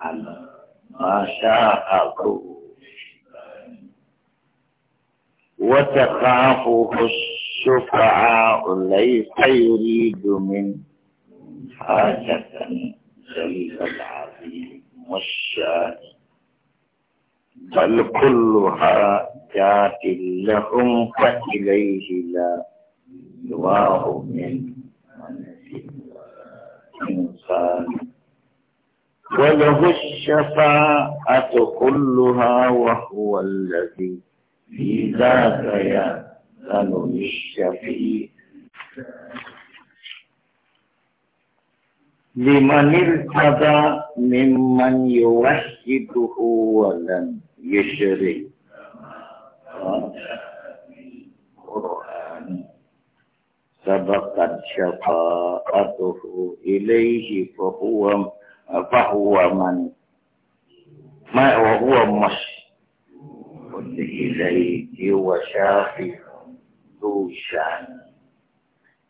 على ما شاءه وتخافه الشفعاء ليس يريد من حاجة جل العظيم والشاهد بل كلها جات لهم فإليه لا يواه منه وله الشفاعة كلها وهو الذي في ذاك يأذن للشفيع لمن ارتضى ممن يوحده ولم يشرك سبقت شفاعته إليه فهو فهو من ما وهو مش إليه وشافي ذو شان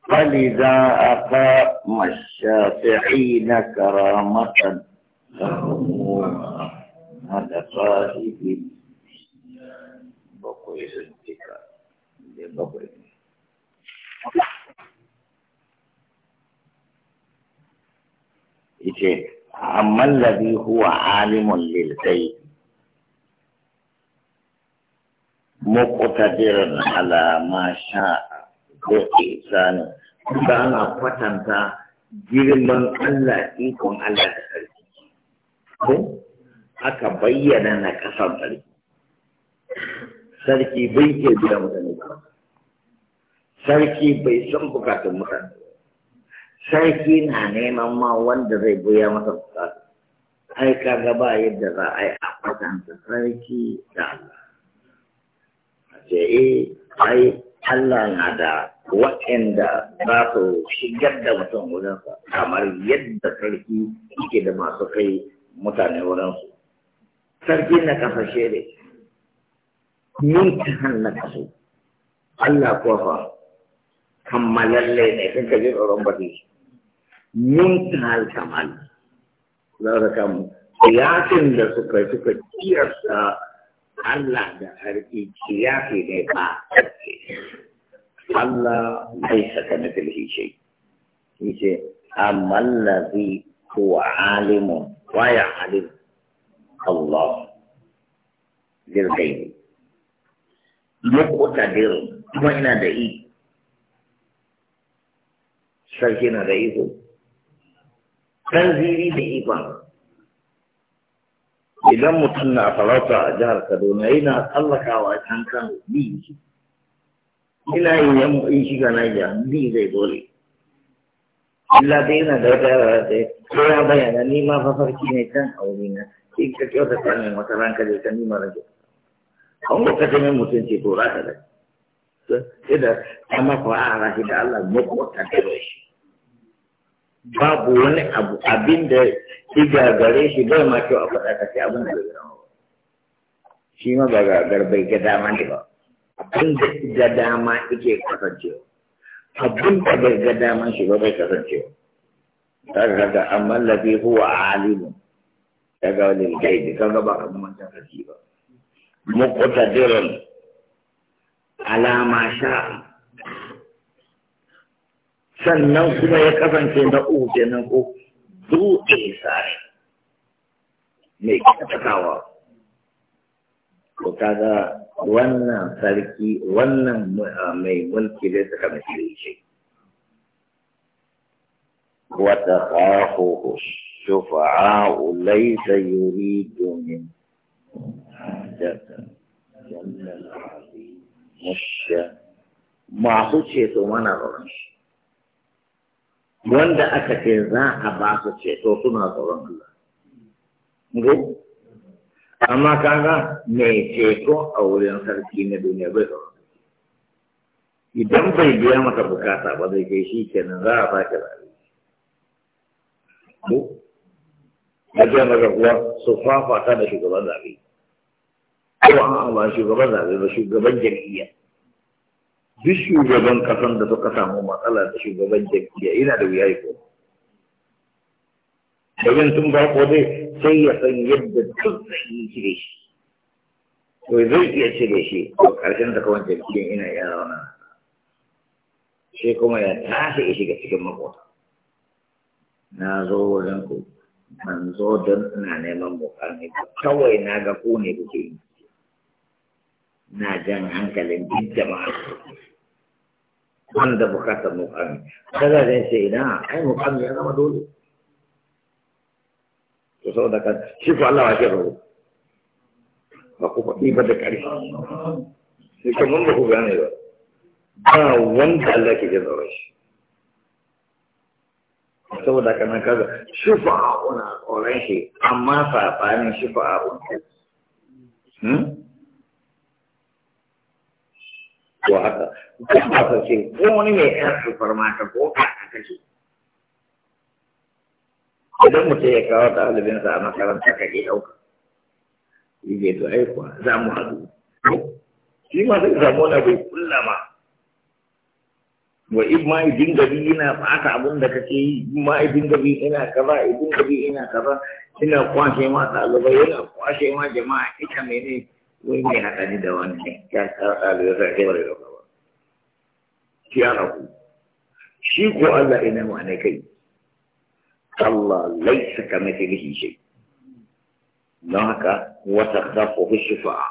فلذا أقام الشافعين كرامة لهم على صاحب بقي صدقا بقي إيه amma alladhi huwa alimun lil ghaib alama sha ma sha'a bi ihsani ana kwatanta girman Allah ikon Allah da sarki ko aka bayyana na kasar sarki sarki bai ke biya mutane ba sarki bai san bukatun mutane sarki na neman ma wanda zai goya masa bukatu ai ka gaba yadda za a yi a kwatanta sarki da Allah a ce eh ai Allah na da waɗanda za su shigar da mutum wurinsa kamar yadda sarki yake da masu kai mutane wurinsu sarki na kasashe ne min ta na kasu. Allah kuwa fa. kammalalle ne kan ka ji tsoron baɗi mun tal kamal za ka kamu kiyasin da suka suka kiyasta Allah da sarki kiyasi ne ba Allah bai saka na filhi shai yace amma allazi huwa alimun wa ya alim Allah Mukuta muqtadir kuma ina da iko sarki na da iko ɗan ziri da ikon idan mutum na farauta a jihar kaduna yana tsallakawa can kan bi ina yin mu in shiga naija bi zai dole illa dai yana da wata yara ta ko ya bayyana ni ma fa farki ne can a wuri na in ka kyauta sanin wata ranka da ta nima rage ka lokacin mai mutum ce to raka da idan amma fa a rashi da Allah mu ko ta kai shi babu wani abu abin da shi gagare shi bai ma kyau a faɗa kace abin da bai gama ba shi ma ba gagar bai ga dama ne ba abin da ga dama yake kasancewa abin da bai ga dama shi ba bai kasancewa kaga kaga amma lafi huwa alimun kaga wani gaibi kaga ba kamar mancan kashi ba muqtadirun alama sha'a sannan kuma ya kasance na uku kenan ko dutse sare mai katakawa ko kaga wannan sarki wannan mai mulki da suka mace shi wata kafuhu shufa'a'u laysa yuridu min jannal azim musha masu ceto mana ruwan shi wanda aka ce za a ba su ceto suna tsoron Allah. Ngo? Amma kaga mai ceto a wurin sarki na duniya bai tsoron Idan bai biya masa bukata ba zai kai shi kenan za a ba ki rayu. Ngo? Ajiya maka kuwa su fafata da shugaban zaɓe. Ko an ba shugaban zaɓe ba shugaban jam'iyya. duk shugaban kasan da suka samu matsala da shugaban jam'iyya yana da wuya ko domin tun ko dai sai ya san yadda duk zai yi cire shi to zai iya cire shi to karshen da kawai jam'iyyan ina iya rauna shi kuma ya tashi ya shiga cikin makota na zo wajen ku ban zo don ina neman mukami kawai na ga ku ne kuke yi na jan hankalin duk jama'a wanda bukatar mukami kaga zai ce ina ai mukami ya zama dole to saboda kan shi ko Allah ya rabu ba ku faɗi ba da ƙarfi sai kuma ba ku gane ba ba wanda Allah ke jin tsoron shi saboda kana kaga fa a una tsoron shi amma saɓanin shufa a una hmm? to haka duk masu ko wani mai yan supermarket ko ka a kashe idan mutum ya kawo ɗalibinsa a makaranta ka ke ɗauka yake to ai kuwa za mu haɗu shi ma sai samu wani abu kulla ma wa in ma idin gari ina fata abin da kake yi in ma idin gari ina kaza idin gari ina kaza ina kwashe ma ɗalibai yana kwashe ma jama'a ita ne. wai mai haɗa ni da wannan ya karɓa da ya sa kewar da ba shi ya haku shi ko Allah ina ma ne kai Allah laisa ka mace gishi shi don haka wata zafi fi shifa'a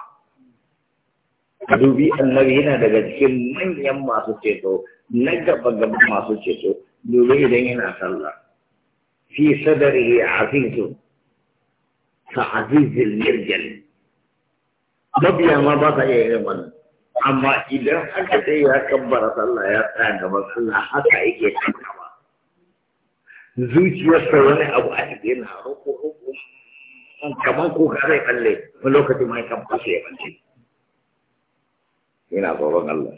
dubi annabi yana daga cikin manyan masu ceto na gaba gaba masu ceto dubi idan yana sallah fi sadarihi azizun ka azizil mirjal mabiya ma ba sa iya yin wannan amma idan aka ce ya kabbara sallah ya tsaya gaban Allah haka yake tsantawa zuciyarsa wani abu a cikin na roko roƙo kamar ko ka zai kalle wani lokacin ma ya kabbara ya Ina yana tsoron Allah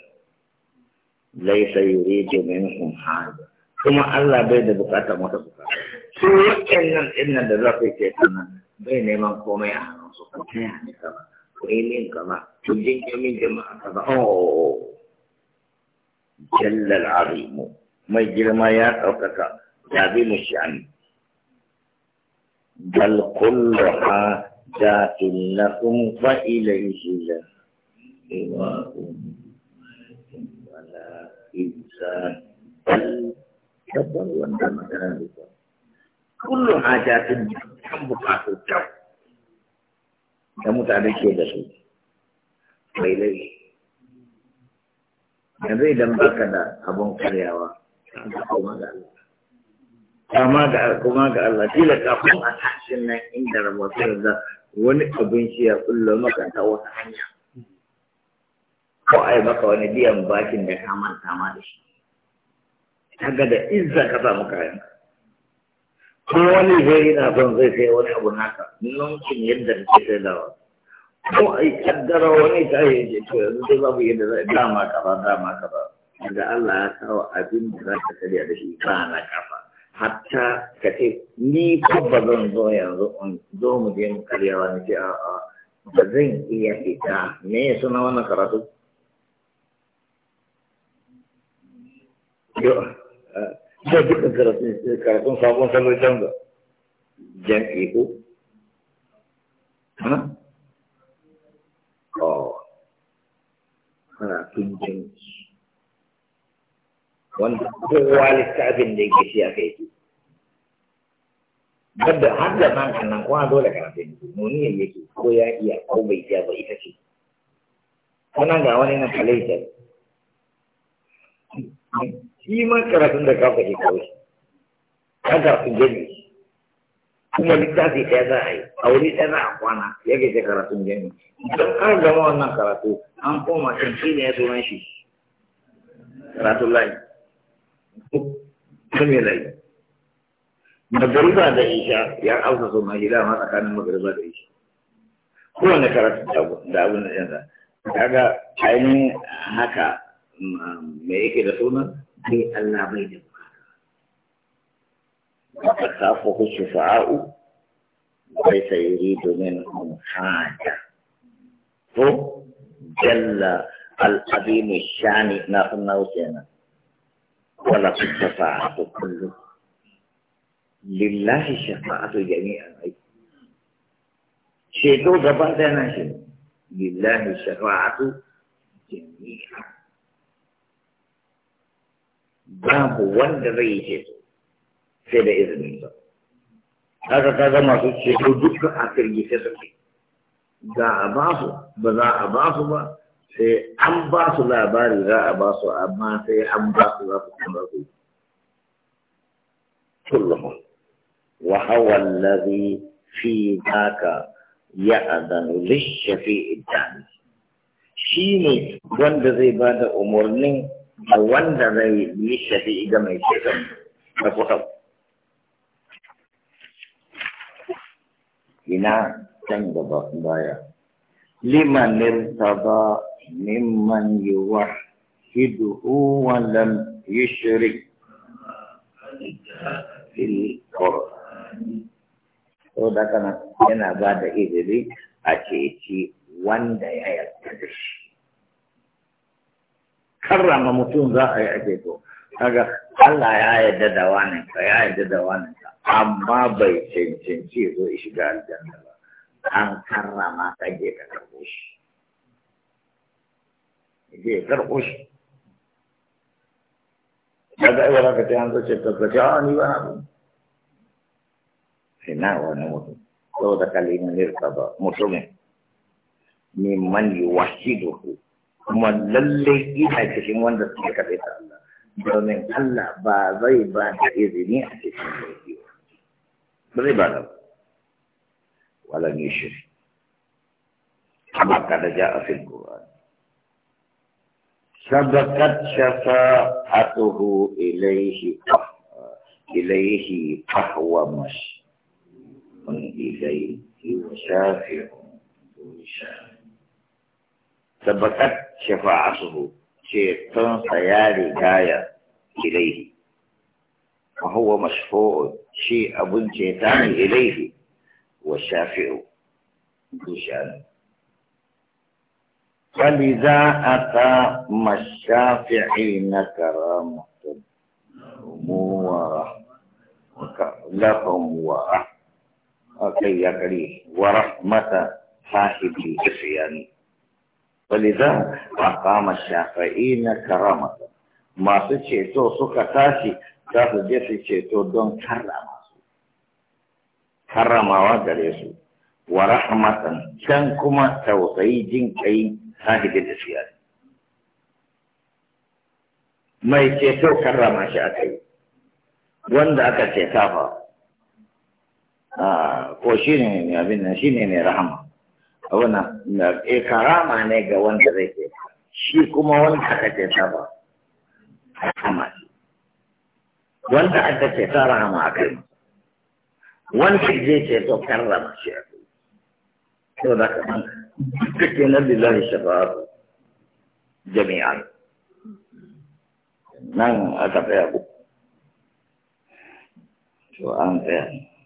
laisa yuridu minhum haja kuma Allah bai da bukata mata bukata su waɗannan din nan da za su yi ke bai neman komai a su ko ta yi hannu وإنين كما تجنك من جماعة كذا أوه جل العظيم ما جرميات أو كذا جابين الشأن بل كل حاجات لكم فإليه لا ولا إنسان بل كبر وانت مكان كل حاجات كم بقاته كم da mutane ke da su bai lai yanzu idan baka da abun karyawa kama ga kuma ga Allah kila kafin a tashin nan inda rabotar da wani abinci ya kullo maka ta wata hanya ko ai maka wani biyan bakin da ka manta ma da shi kaga da izza ka samu kayan ko wani zai yana son zai sai wani abu naka nunkin yadda ke sai dawa ko yi kaddara wani ta yi ce to yanzu sai babu yadda zai dama kafa dama daga Allah ya kawo abin da za ka karya da shi ba na kafa hatta ka ce ni fa ba zan zo yanzu in zo mu je mu karya wani ce a'a ba zan iya fita me suna wannan karatu yo eh, da duka karatun karatun sabon ko ha oh karatun jam'i wanda kowa littafin ne yake shi aka yi Bada har da nan kanan dole karatun nuniyar yake ko ya iya ko bai iya ba ita ce wannan ga wani nan kalaita shi karatun da ka faɗi kawai kada ku gani kuma littafi ɗaya za a yi a wuri ɗaya za a kwana ya gaje karatun gani Don an gama wannan karatu an koma can shi ne ya sunan shi karatun layi kuma layi magariba da isha ya ausa sunan shi dama tsakanin magariba da isha kowane karatu da abin da yanzu kaga ainihin haka me yake da sunan أي ألا بين خافه الشفعاء ليس يريد منهم حاجة هو جل القديم الشان نحن نوسينا ولقد الشفاعة كله لله الشفاعة جميعا شيء دو دبا لله الشفاعة جميعا babu wanda zai yi ceto sai da izinin sa haka ka zama su ceto dukkan a su ce za a ba su ba za a ba su ba sai an ba su labari za a ba su amma sai an ba su za su kuma su kullum wa hawa allazi fi zaka ya adanu lishafi idani shi ne wanda zai ba da umarnin da wanda zai yi shafi'i ga mai ceton da kusa ina can gaba baya liman ba mimman yuwahhiduhu wa lam yushrik fil qur'an da kana yana ba da izini a ceci wanda ya yarda da shi كرم متون ذا يا جيبو هذا الله يا يا ددوانك يا يا ددوانك أما بي تين تين تيزو إشغال جنة أن كرم تجي كرقوش جي كرقوش هذا إيه راك تيان تو شتو تجاني وانا هنا وانا متون لو تكلم نير كذا متون مي من يوحيدوه kuma lallai ina cikin wanda suke kaɗai ta Allah domin Allah ba zai ba da izini a cikin laifi ba zai ba da wala ne shiri amma kada ja a fil Qur'an sabakat shafa'atuhu ilayhi ilayhi fahwa mash من إليه وشافع وشافع سبقت شفاعته شيطان سياري غاية إليه وهو مشفوع شيء أبو الشيطان إليه والشافع دوشان فلذا أتى الشافعين كرامة لهم ورحمة كي يقري ورحمة صاحب يعني masu ceto suka tashi za su je su ceto don karama su. karramawa gare su wa rahmatan can kuma tausayi jin kai sahibin da siya mai ceto karama shi a kai wanda aka ceta fa ko shi ne abin nan shi ne mai rahama wannan e eh, karama ne ga wanda zai ke shi kuma wanda aka ce ta ba rahama wanda aka ce ta rahama a kai wanda je ce to karrama shi a kai to da ka man kake na lillahi shabab jami'an nan aka tsaya ku to an tsaya